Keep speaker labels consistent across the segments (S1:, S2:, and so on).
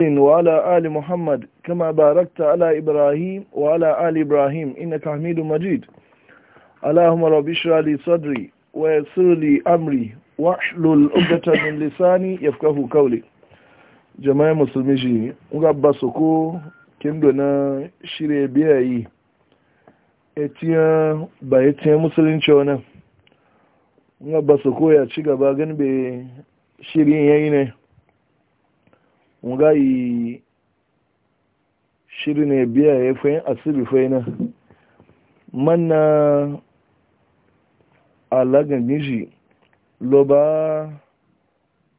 S1: وعلى آل محمد كما باركت على إبراهيم وعلى آل إبراهيم إنك حميد مجيد اللهم رب اشرح لي صدري ويسر لي أمري واحلل عقدة من لساني يفقه قولي جماعة مسلمي ngabba soko kendo na shirye biyayi etiyan ba etiyan musulunci wani يا soko باغن بي gaba gan nga yi shiri ne biya ya fayin fayi na manna alagan gishi loba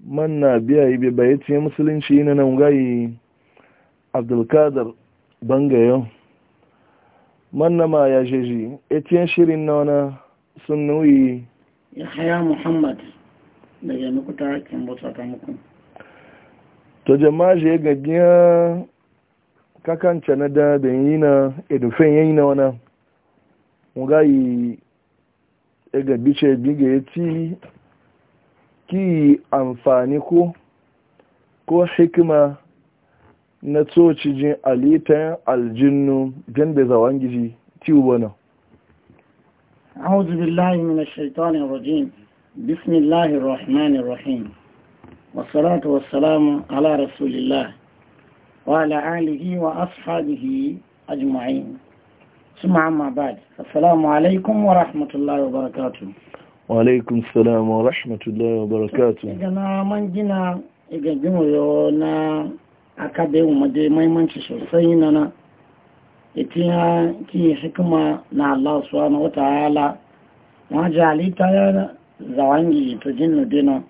S1: manna biya yi bai bayi tiye musulunci na nga yi abdulkadar bangayon manna ma ya jeji etiyan shirin na wana sun nuyi ya haya muhammad
S2: daga nukuta kin bauta ta muku
S1: to jama'a ya gajiya kakanta na da da yi na edufen yayi na wana mu ga yi ga ce biga ya ci ki amfani ko ko hikima na jin alitan aljinnu jan da zawan gizi ci wana
S2: أعوذ بالله من الشيطان الرجيم بسم الله الرحمن الرحيم والصلاة والسلام على رسول الله وعلى آله وأصحابه أجمعين ثم أما بعد السلام عليكم ورحمة الله وبركاته
S1: وعليكم السلام ورحمة الله وبركاته إذا
S2: من جنا إذا جمعنا أكبر مدي ما شسوسيننا itiya ki hikima na Allah subhanahu wa ta'ala ma jalita ya zawangi to jinnu dinan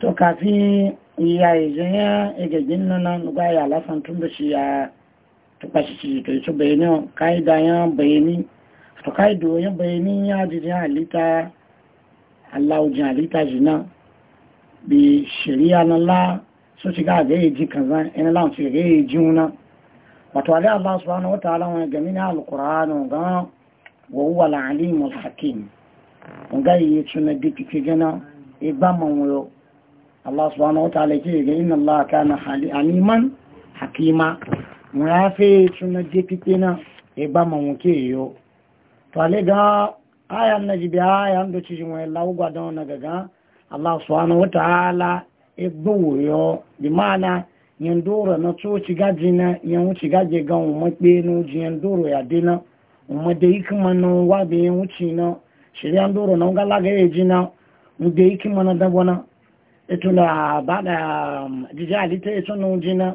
S2: to kafi ya izin ya egegin nuna nuga ya lafan tun da shi ya tuba shi to ito bayani ka'ida ya bayani to ka'ido ya bayani ya jijin halitta allahu jin halitta jina bi shari'a na la so ci ga ga yi kaza ina lan ci ga yi juna wato ali allah subhanahu wataala wa gami na alqur'anu ga wa huwa al-alim al-hakim ngai yi tuna Allah subhanahu wa ta'ala ke ga inna Allah kana aliman hakima mo ya fe tuna je pipe na e ba mo mo ke yo to ale ga aya na ji ba aya ndo ci mo la ugwa don na ga Allah subhanahu wa ta'ala e gbo yo bi mana yin doro na to ci gaji na yin wuci gaje ga mo pe no ji yin doro ya de na mo de ikman no wa be yin wuci na shiri an na ga la ga e ji na mo de ikman na da bona ituna ba da jija alita ya suna um, jina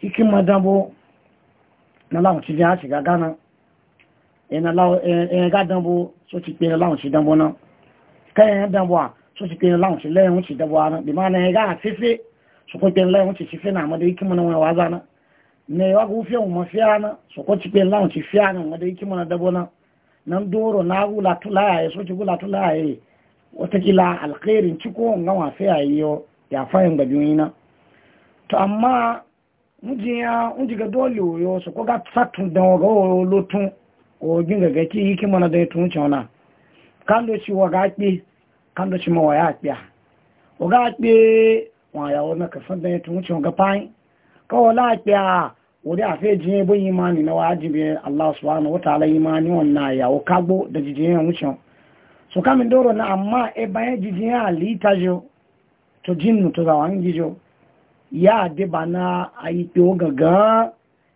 S2: ikin madabo na láwọn ti jẹ́ àṣìgá gánà ẹ̀yẹ̀gá dánbó só ti pèrè láwọn ti dánbó náà kẹ́yẹ̀ dánbó à só ti pèrè láwọn ti lẹ́yìn ti dánbó ara bí máa ẹ̀yẹ̀gá àfífẹ́ sọkọ́ pèrè lẹ́yìn ti fífẹ́ náà mọ́dé ikí mọ́nà wọn wá zánà ní ìwágún fẹ́ wọn fẹ́ náà sọkọ́ ti náà na ń dóró náà wúlà tó watakila alkhairin ciko nga wafe a yiyo ya fayin ga biyuna to amma mujiya mujiga dole yo su ko ga satun da ga lotun ogin ga gaki hikima na da tun cewa kan do ci wa gaki kan do ci ma waya kiya o ga pe wa ya wona ka san da tun cewa ga fayin ka wala kiya wuri a fe jin bo imani na wajibi Allah subhanahu wa ta'ala imani wannan ya o kagbo da jijiyan wucin so min doro na amma e bayan jijin ya halitta jo to jinnu to zawon gijo ya de ba na a yi ɗo gaga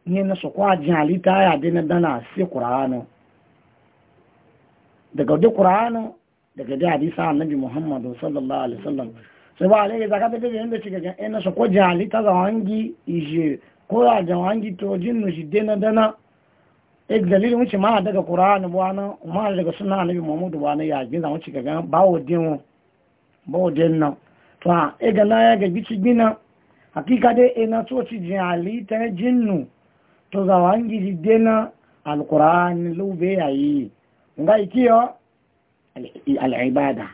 S2: ni na kwa jin halitta ya de na dana si ƙura'anu daga wadda ƙura'anu daga da hadisa annabi muhammadu sallallahu alaihi wasallam sai ba alaihi zaka ka bebe yadda cika jan e ina kwa jin halitta zawon gi ije ko ya zawon to jinnu shi de na dana ek eh, dalil wuce ma daga qur'an bwana ma daga sunna annabi muhammad bwana ya gina wuce ga bawo din bawo din nan to e ga na ya ga gici gina hakika dai e na soci jali ta jinnu to za wangi dena alqur'an lube yi. nga ikiyo al-ibada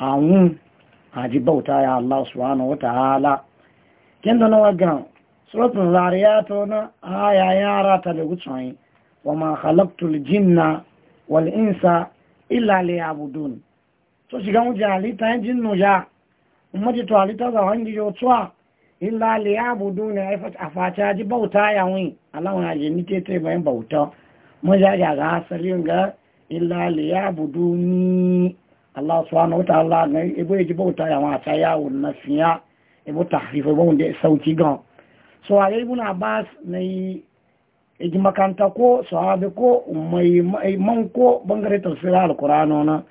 S2: awun aji bauta ya allah subhanahu wataala kendo na wagan suratul zariyat na ya yara ta da gutsayi wa ma khalaqtul jinna wal insa illa liya'budun so shiga mu jalita jinnu ya umma ji to alita za wangi yo twa illa liya'budun ay fat afata ji bauta ya wi Allah wa ji ni tete bayan bauta mu ja ja ga asalin ga illa liya'buduni Allah subhanahu wa ta'ala ne ibo ji bauta ya wa ta yawo na fiya ibo gan so ayi ibn abbas ne makanta ko sahabi ko man ko bangare tafsirar alkurano na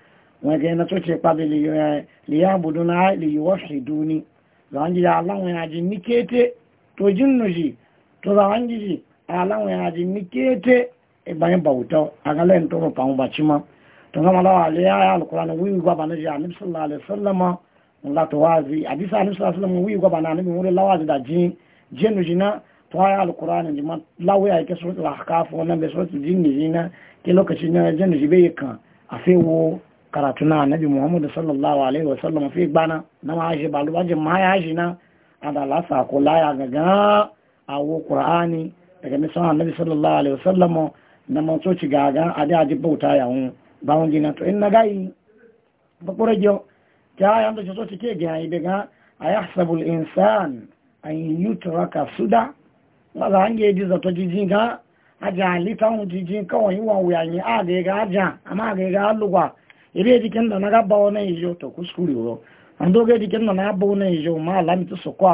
S2: wage na soce kwa liya budu na liyi wasu duni za an jiji alan wani ajin nikete to jin nuji to za an jiji alan wani ajin nikete e bayan bauta a galen toro pa baci ma to gama lawa liya ya alkurano wiwi gwaba na ji anib sallallahu alaihi sallama wala to wazi a bisa anib sallallahu alaihi sallama wiwi gwaba na anibin wuri lawa da jin jin nuji na tuwaye alkur'anin jima lawaya yake suratul ahqaf wannan bai suratul jinni na ke lokacin na jannu jibe kan afewo karatu na annabi muhammad sallallahu alaihi wa sallam fi gbana na ma haji balu baje ma ya haji na adala sa ko laya gaga awo qur'ani daga misan annabi sallallahu alaihi wa sallam na man so ci gaga ade aji bauta ya hun bawon jina to in na gai ba kurajo ta ya da so ci ke ga yi daga ayahsabu al-insan an yutraka suda wọ́n e là ń yé ibi zọ̀tọ̀ jíjí gan ajá lítà ohun jíjí káwọn yíwọ̀n wùyà yìí àgègà ama àmà àgègà alùwà eré edikin da na gaba wani ijo to kuskure wuro an doga edikin da na gaba wani ijo ma alamita su kwa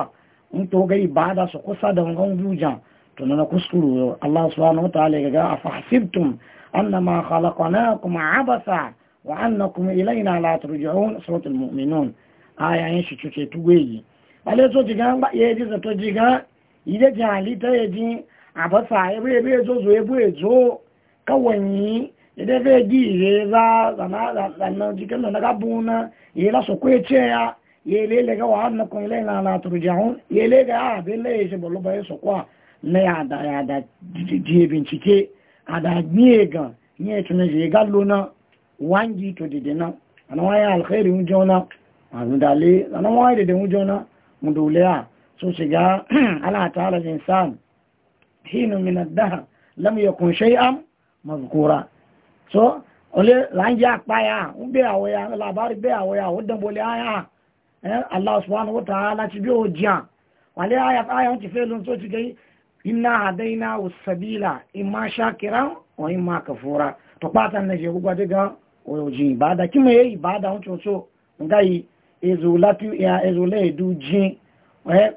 S2: in to ga ibada su kusa da wangan bujan to na kuskure wuro Allah subhanahu wa ta'ala ga afa hasibtum annama kuma abasa wa kuma annakum ilayna la turja'un suratul mu'minun aya yin shi cuce tuweyi ale to jiga ba eji ji zato jiga ide jali ta yaji a ebe ebe zo zo ebe ezo kawai ide fe gi ihe za zana zana jikin da na gabu na ihe la sokwe ya ihe lele ga wa na kun ile na na turjahun ihe le ga a be le shi bolo bai sokwa na ya da ya da je bincike a da niye ga niye tunan je ga lona wangi to dede na ana waya alkhairi mun jona anu dale ana waya dede mun jona mun dole sun shiga ala ta'ala insan hinu min ad-dahr lam yakun shay'an mazkura so ole lan ya paya un be awo ya labari be awo ya odan bole aya eh allah subhanahu wa ta'ala ti bi oja wale aya aya on ti fe lun so ti gai inna hadaina was-sabila imma shakira wa imma kafura to pata ne je gugwa diga oji ibada kimo ye ibada on to so ngai ezulatu ya ezule edu jin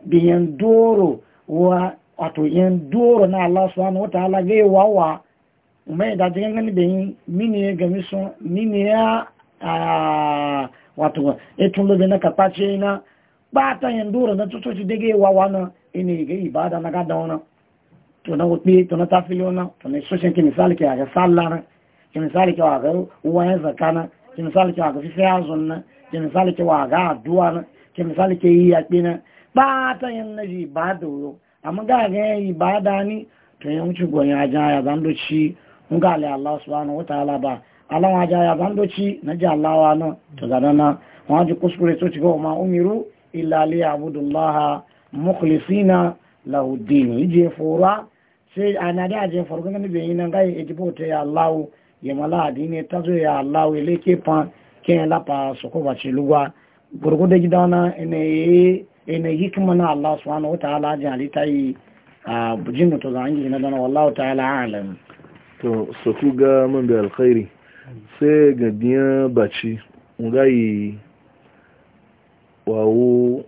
S2: bi yan doro wa wato yan doro na Allah subhanahu wataala ga wa wa mai da jigan gani da yin mini ga gami sun mini ya a wato ya tun lobe na kaface na ba ta yan doro na tutoci da ga wa wa na ina ga ibada na gada na to na wupe to na tafili na to na soshin ke misali ke a ga sallar ke misali ke wa ga uwayen zakana ke misali ke wa ga fifi yazon na ke misali ke wa ga na ke misali ke yi yaƙi na ɓata ya na ji ba da wuro amma ga ni to yan ci gon ya ja ya zan doci mun ga Allah Allah subhanahu wa ta'ala ba Allah wa ja ya zan doci na ji Allah wa na to zana na wa ji kuskure to ci ga ma umiru illa li ya'budullah mukhlisina lahu din je fora sai ana da je fora ga ni be yin ga e jibote ya Allah ya mala adini tazo ya Allah ile ke pan ke la pa sokoba ci lugwa gurgude gidana ene ina hikima na Allah subhanahu wataala ajin ta yi a bujin mutu za an yi na dana wallahu ta'ala alam to su ku
S1: ga man bi alkhairi sai ga biya baci ngai wawo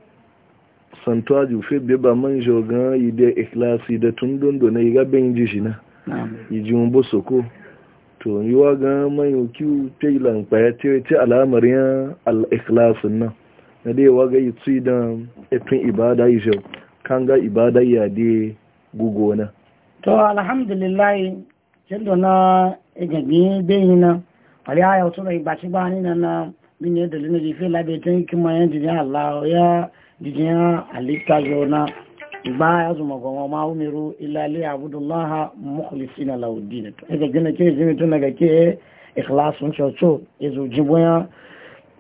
S1: santuwa fe be ba man shogan yi da ikilasi da tun dondo na yi gaben ji shi na yi ji bu bo soko to yi wa ga man yi kiwu ta yi lankpaya ta alamarin al ikilasin nan na dai waga yi tsi da efin ibada yi shau kan ga ibada ya dai gugu na
S2: to alhamdulillah jendo na igabi bayi na wali aya wato da ibaci ba ni na na min yadda lina jefe labe ta kima yan jijin allah ya jijin halitta na ba ya zuma goma ma umiru illa li abudullaha mukhlisina lahu din to ga gina ke jimi tun daga ke ikhlasun chocho ezo jiboya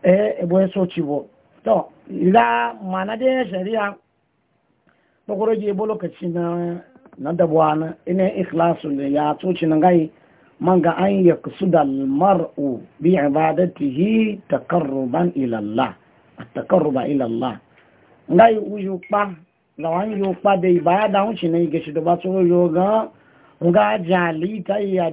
S2: eh ebo so chibo to za mana de shari'a to kuro je bo lokaci na na da bwana ina ikhlasu ne ya tuci na gai manga an ya kusuda mar'u bi ibadatihi taqarruban ila Allah takarruba ila Allah ngai uju pa wan yu pa de ibada un shi ne shi da ba tsoro yo ga ga jali ta ya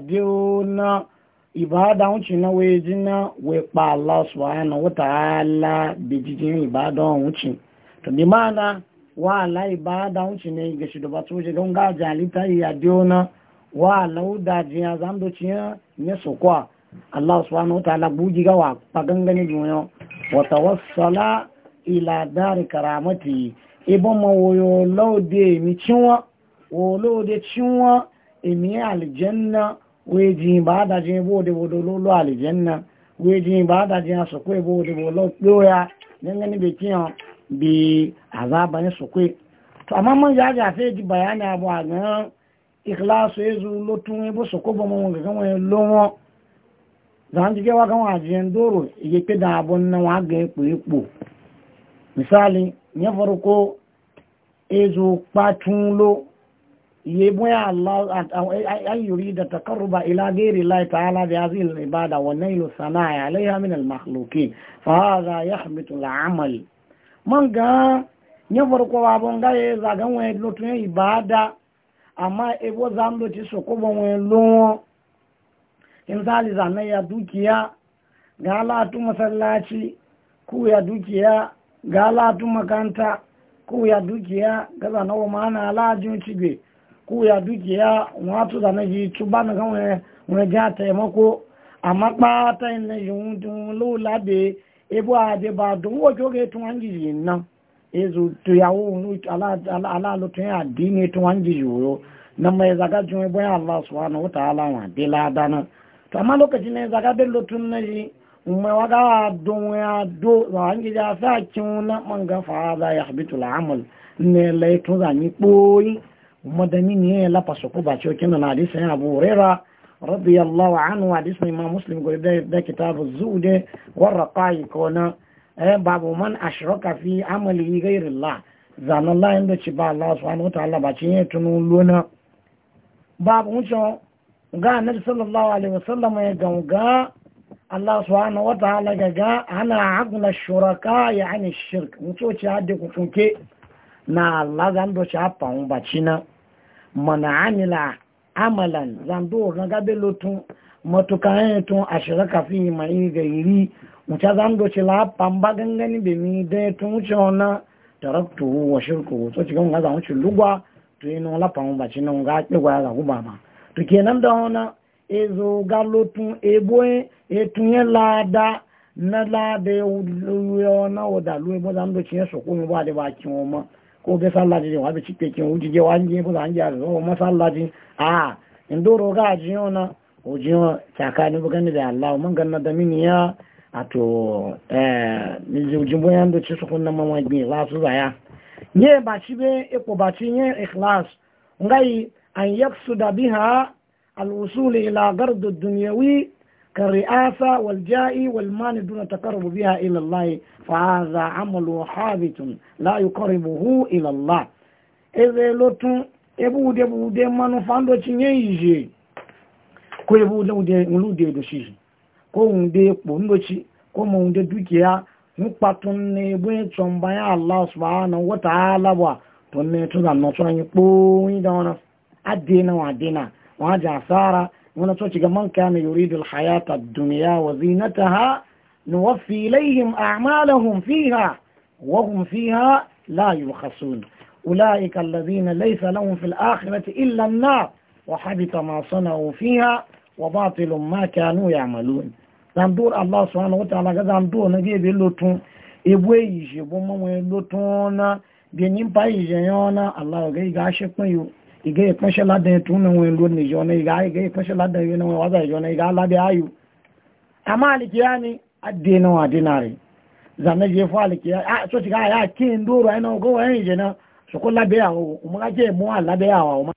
S2: ibada wuce na waye jina wai kpa Allah subhanahu wa ta'ala bi jijin ibada wuce to bi mana wa ala ibada wuce ne ga shi da ba tuje don ga jalita ya na wa ala lauda jiya zando ciya ne sokwa Allah subhanahu wa ta'ala buji ga wa pagangane juyo wa tawassala ila dari karamati ibon mawoyo de mi cinwa wo de cinwa imi aljanna wéjì bá dájí bóòdìbòdò ló lọ àlìjẹ́nà wéjì bá dájí àsọ̀kọ́ ìbòòdìbò lọ pé ó ya gẹ́gẹ́ níbi kí hàn bí àzába ní sọ̀kọ́ àmọ́ mọ́ yájà fẹ́ di bàyánì àbọ̀ àgbẹ̀rán ìkìláṣọ èzù ló tún ibò sọ̀kọ́ bọ́ wọn gẹ́gẹ́ wọn ló wọn zàǹdígẹ́ wá káwọn àjẹ́ ń dòrò iye pé dàn àbọ̀ nínú wọn àgbẹ̀ ipò ipò misali ní farko èzù pàtún ló yi mun Allah an yuri da takarruba ila gairi lai ta ala da yazi ibada wa nailu sana'a alaiha min al makhluki fa hadha yahbitu al amal man ga nya farko ba bon ga za ga wa lutu ibada amma e bo zam do ti so ko bon wa lu in zali za na ya dukiya ga la tu masallaci ku ya dukiya ga la tu makanta ku ya dukiya ga za na wa mana ala jun ko ya dukiya wato da naji tuba na kan wani wani ja taimako amma ɓata yin na yin tun lola be ebo a de ba don wajo ga tun an jiji nan ezu to yawo nu ala lo tun ya dini tun an jiji yo na mai zaga jun ebo ya Allah subhanahu wa ta'ala wa de la dana to amma lokacin ne zaga de lo tun na ji mai waga ya do wa an jiji a sa kin na manga fa za ya habitul amal ne lai tun zani madamin ya la paso ko na hadisi ya Abu Huraira radiyallahu anhu hadisi Imam Muslim go da da kitab az-zuhd wa raqai na eh babu man ashraka amali ghayri Allah zan Allah inda ci ba Allah subhanahu ya ta'ala tunu lona babu mucho ga annabi sallallahu alaihi ya ganga Allah subhanahu ana agula shuraka ya ani shirk na Allah zan mana amila amalan zando na gabe lotun matukayen tun a shiraka fi mai iri mutu zando ce la pamba gangani be mi da tun wuce taraktu wa shirku to cikin ga zan wuce lugwa to yi nuna lafahu ba ci nan ga ke gwaya ga guba ma to nan da ona e zo ga lotun e e tun ya lada na lada ya wuyo na wadalu e bo zando ci ya sokumi ba da bakin wannan ko be sallaji ne wa be cike kin uji je wanje bu an ja go ma sallaji a indoro ga ajiyo na ujiyo tsakanin bugan da Allah mun ganna da miniya ato eh ni jimbo yando ci sukun na mama gbe la su zaya nye ba ci be e ko ba ci nye ikhlas ngai an yaksuda biha al usul ila gardu dunyawi كالرئاسة والجاء والمال دون تقرب بها إلى الله فهذا عمل حابط لا يقربه إلى الله إذا لطن ebuude buude mmanu fando chinye ije ko ebuude ude nlude doshiji ko unde ekpo ndochi ko mo unde dukiya nkpatun na ebu eto mbanye allah subhanahu wa ta'ala wa to ne ونتوجه من كان يريد الحياة الدنيا وزينتها نوفي إليهم أعمالهم فيها وهم فيها لا يبخسون أولئك الذين ليس لهم في الآخرة إلا النار وحبط ما صنعوا فيها وباطل ما كانوا يعملون زندور الله سبحانه وتعالى زندور نجيب اللوتون إبويش يشيبو اللوتون بينين بايجيون الله يغاشق ميو iga ya kwashe ladan ya tunan wani ruwan ne jona iga iga ya kwashe ladan ya wani waza jona iga ladan ayu amma alikiya ne addinin wa dinare zanne je fa alikiya a go wani je na so ko labe ya o mu ga